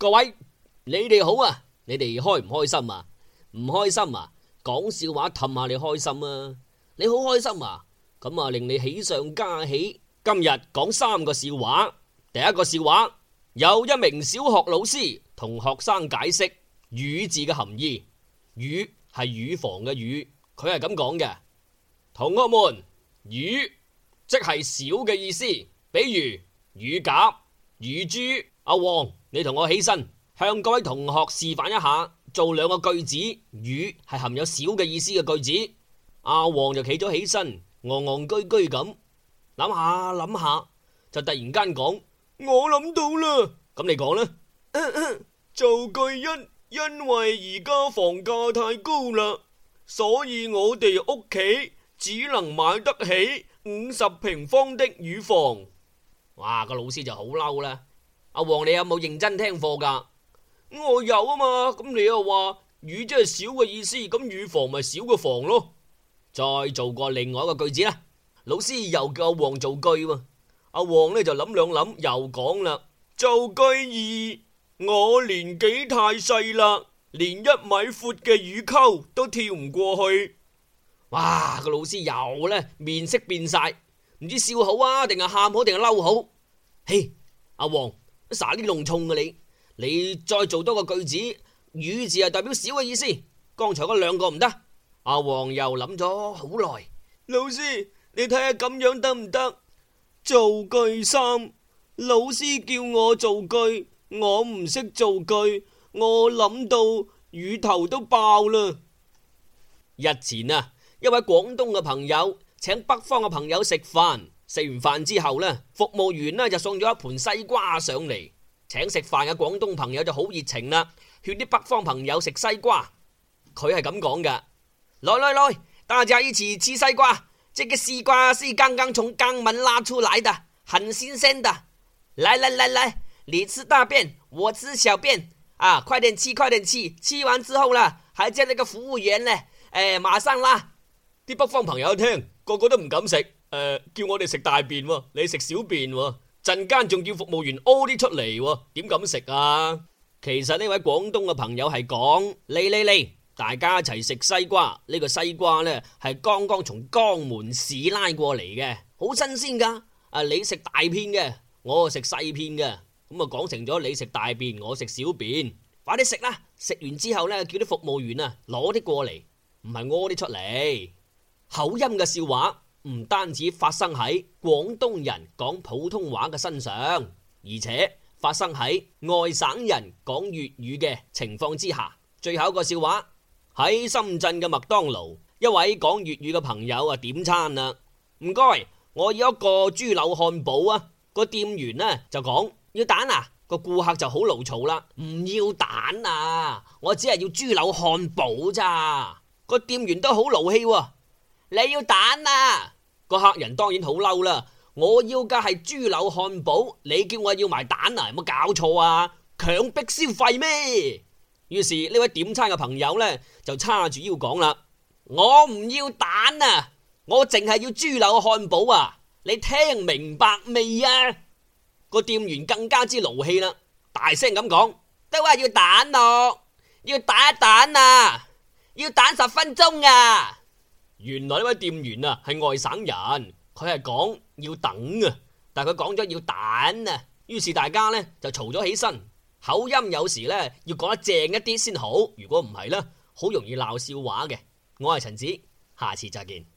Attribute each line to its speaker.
Speaker 1: 各位，你哋好啊！你哋開唔開心啊？唔開心啊？講笑話氹下你開心啊！你好開心啊？咁啊令你喜上加喜。今日講三個笑話。第一個笑話，有一名小學老師同學生解釋乳字嘅含義。乳係乳房嘅乳，佢係咁講嘅。同學們，乳即係小嘅意思。比如乳鴿、乳豬、阿旺。你同我起身，向各位同學示範一下做兩個句子，乳係含有小嘅意思嘅句子。阿、啊、黃就企咗起身，憨憨居居咁諗下諗下，就突然間講：我諗到啦！咁你講啦、嗯，做句因因為而家房價太高啦，所以我哋屋企只能買得起五十平方的乳房。哇！個老師就好嬲啦。阿王，你有冇認真聽課噶？我有啊嘛。咁你又話乳即係少嘅意思，咁乳房咪少個房咯。再做過另外一個句子啦，老師又叫阿王造句。阿王咧就諗兩諗，又講啦：造句二，我年紀太細啦，連一米闊嘅乳溝都跳唔過去。哇！個老師又咧面色變晒，唔知笑好啊，定係喊好，定係嬲好？嘿，阿王。啥啲濃重嘅、啊、你，你再做多個句子，語字係代表少嘅意思。剛才嗰兩個唔得。阿黃又諗咗好耐。老師，你睇下咁樣得唔得？造句三，老師叫我造句，我唔識造句，我諗到語頭都爆啦。日前啊，一位廣東嘅朋友請北方嘅朋友食飯。食完飯之後咧，服務員咧就送咗一盤西瓜上嚟，請食飯嘅廣東朋友就好熱情啦，勸啲北方朋友食西瓜。佢係咁講噶：來來來，大家一起吃西瓜。這個西瓜是剛剛從肛門拉出來的，很新鮮的。來來來來，你吃大便，我吃小便，啊，快點吃，快點吃，吃完之後啦，還叫那個服務員呢，誒、呃，馬上拉啲北方朋友聽，個個都唔敢食。誒、呃，叫我哋食大便，你食小便，陣間仲叫服務員屙啲出嚟，點敢食啊？其實呢位廣東嘅朋友係講你你你，大家一齊食西瓜。呢個西瓜呢，係剛剛從江門市拉過嚟嘅，好新鮮噶。啊，你食大片嘅，我食細片嘅，咁啊講成咗你食大便，我食小便，快啲食啦！食完之後呢，叫啲服務員啊攞啲過嚟，唔係屙啲出嚟。口音嘅笑話。唔單止發生喺廣東人講普通話嘅身上，而且發生喺外省人講粵語嘅情況之下。最後一個笑話喺深圳嘅麥當勞，一位講粵語嘅朋友啊點餐啦，唔該，我要一個豬柳漢堡啊。個店員呢就講要蛋啊，個顧客就好牢嘈啦，唔要蛋啊，我只係要豬柳漢堡咋。個店員都好勞氣，你要蛋啊？個客人當然好嬲啦！我要嘅係豬柳漢堡，你叫我要埋蛋啊？有冇搞錯啊？強逼消費咩？於是呢位點餐嘅朋友呢，就叉住腰講啦：我唔要蛋啊！我淨係要豬柳漢堡啊！你聽明白未啊？個店員更加之勞氣啦，大聲咁講：都話要蛋咯，要打蛋啊，要蛋十分鐘啊！原來呢位店員啊係外省人，佢係講要等啊，但係佢講咗要蛋啊，於是大家呢就嘈咗起身。口音有時呢要講得正一啲先好，如果唔係呢，好容易鬧笑話嘅。我係陳子，下次再見。